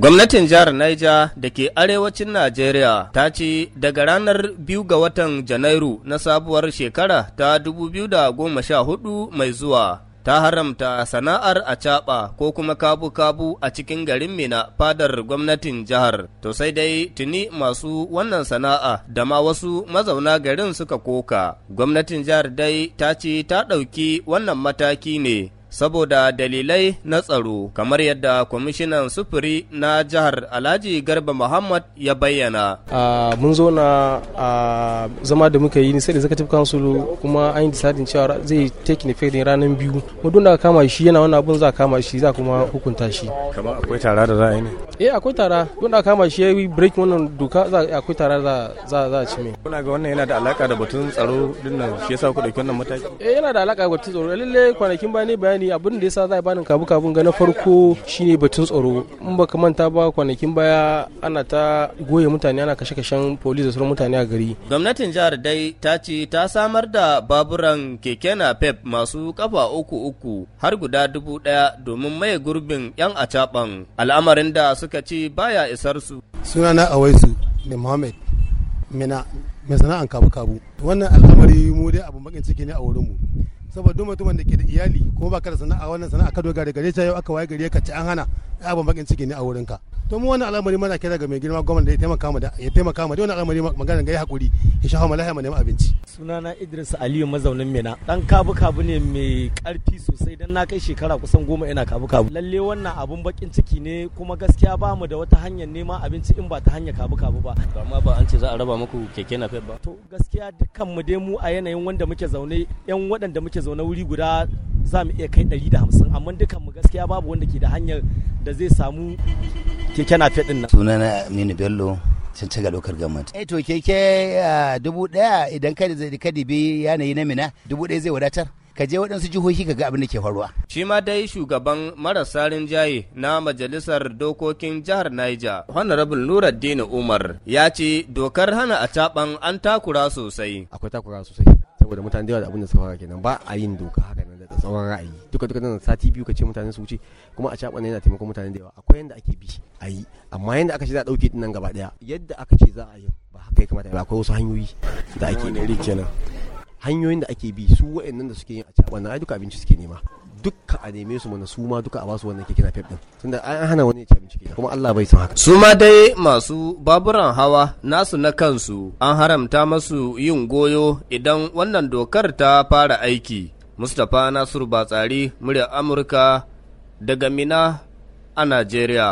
Gwamnatin jihar Niger da ke arewacin Najeriya ta ce daga ranar biyu ga watan Janairu na sabuwar shekara ta 2014 mai zuwa ta haramta sana'ar acaɓa ko kuma kabu-kabu a cikin garin Mina fadar gwamnatin jihar. To sai dai tuni masu wannan sana'a da ma wasu mazauna garin suka koka. Gwamnatin jihar dai ta ce ta ɗauki wannan mataki ne saboda dalilai na tsaro kamar yadda kwamishinan sufuri na jihar alhaji garba muhammad ya bayyana mun zo na zama da muka yi sai da executive council kuma an yi disadin cewa zai take ne fere ranar biyu mudun da kama shi yana wani abun za kama shi za kuma hukunta shi kamar akwai tara da za a yi ne eh akwai tara mudun da kama shi ya yi break wannan doka akwai tara da za a ci me kuna ga wannan yana da alaka da batun tsaro dinnan shi yasa ku dauki wannan mataki eh yana da alaka da batun tsaro lalle kwanakin baya ne bayani misali abin da yasa za a bani kabu kabun ga na farko shine batun tsaro in baka manta ba kwanakin baya ana ta goye mutane ana kashe kashen police da sauran mutane a gari gwamnatin jihar dai ta ce ta samar da baburan keke napep masu kafa uku uku har guda dubu daya domin maye gurbin yan acaban al'amarin da suka ce baya isar su sunana awaisu ne muhammad mina mai sana'an kabu kabu wannan al'amari mu dai abun bakin ciki ne a wurinmu. saboda duk mutumin da ke da iyali kuma ba ka da sana'a wannan sana'a ka dogara gare ta yau aka waye gare ka ci an hana ban bakin ciki ne a wurinka to mu wannan al'amari mana kira ga mai girma gwamnati da ya taimaka mu da ya taimaka mu da wannan al'amari magana ga ya hakuri ya shafa mu lahiya mu abinci sunana Idris Aliyu mazaunin Mina dan kabu kabu ne mai karfi sosai dan na kai shekara kusan goma ina kabu kabu lalle wannan abun bakin ciki ne kuma gaskiya ba mu da wata hanyar neman abinci in ba ta hanyar kabu kabu ba amma ba an ce za a raba muku keke na ba to gaskiya dukkan mu dai mu a yanayin wanda muke zaune yan wadanda muke zaune wuri guda za mu iya kai 150 amma dukan mu gaskiya babu wanda ke da hanyar da zai samu keke na fedin nan sunana mini Bello can ta ga lokar gamat. Eh to keke ah, dubu daya idan zai ka dibi yanayi na mina dubu daya zai wadatar. Ka je waɗansu jihohi ka ga abin da ke faruwa. Shi ma dai shugaban marasa rinjaye na majalisar dokokin jihar Niger, Honorable Nuruddin Umar, ya ce dokar hana a taban an takura sosai. Akwai takura sosai, saboda mutane da da abin da suka fara kenan ba a yin doka haka da tsawon ra'ayi duka duka nan sati biyu ka ce mutane su wuce kuma a caɓa yana taimakon mutane da yawa akwai yanda ake bi a yi amma yanda aka ce za a dauke din nan gaba daya yadda aka ce za a yi ba haka ya kamata ba akwai wasu hanyoyi da ake ne kenan hanyoyin da ake bi su wa'annan da suke yin a caɓa ai duka abinci suke nema duka a neme su mana su ma duka a basu wannan kekina na din tunda an hana wani ya ci abinci kuma Allah bai san haka su ma dai masu baburan hawa nasu na kansu an haramta masu yin goyo idan wannan dokar ta fara aiki Mustapha Nasiru Batsari, muryar Amurka daga Mina a Najeriya.